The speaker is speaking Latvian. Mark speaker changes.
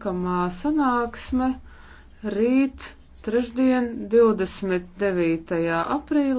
Speaker 1: nākamā sanāksme rīt trešdien 29. aprīlī.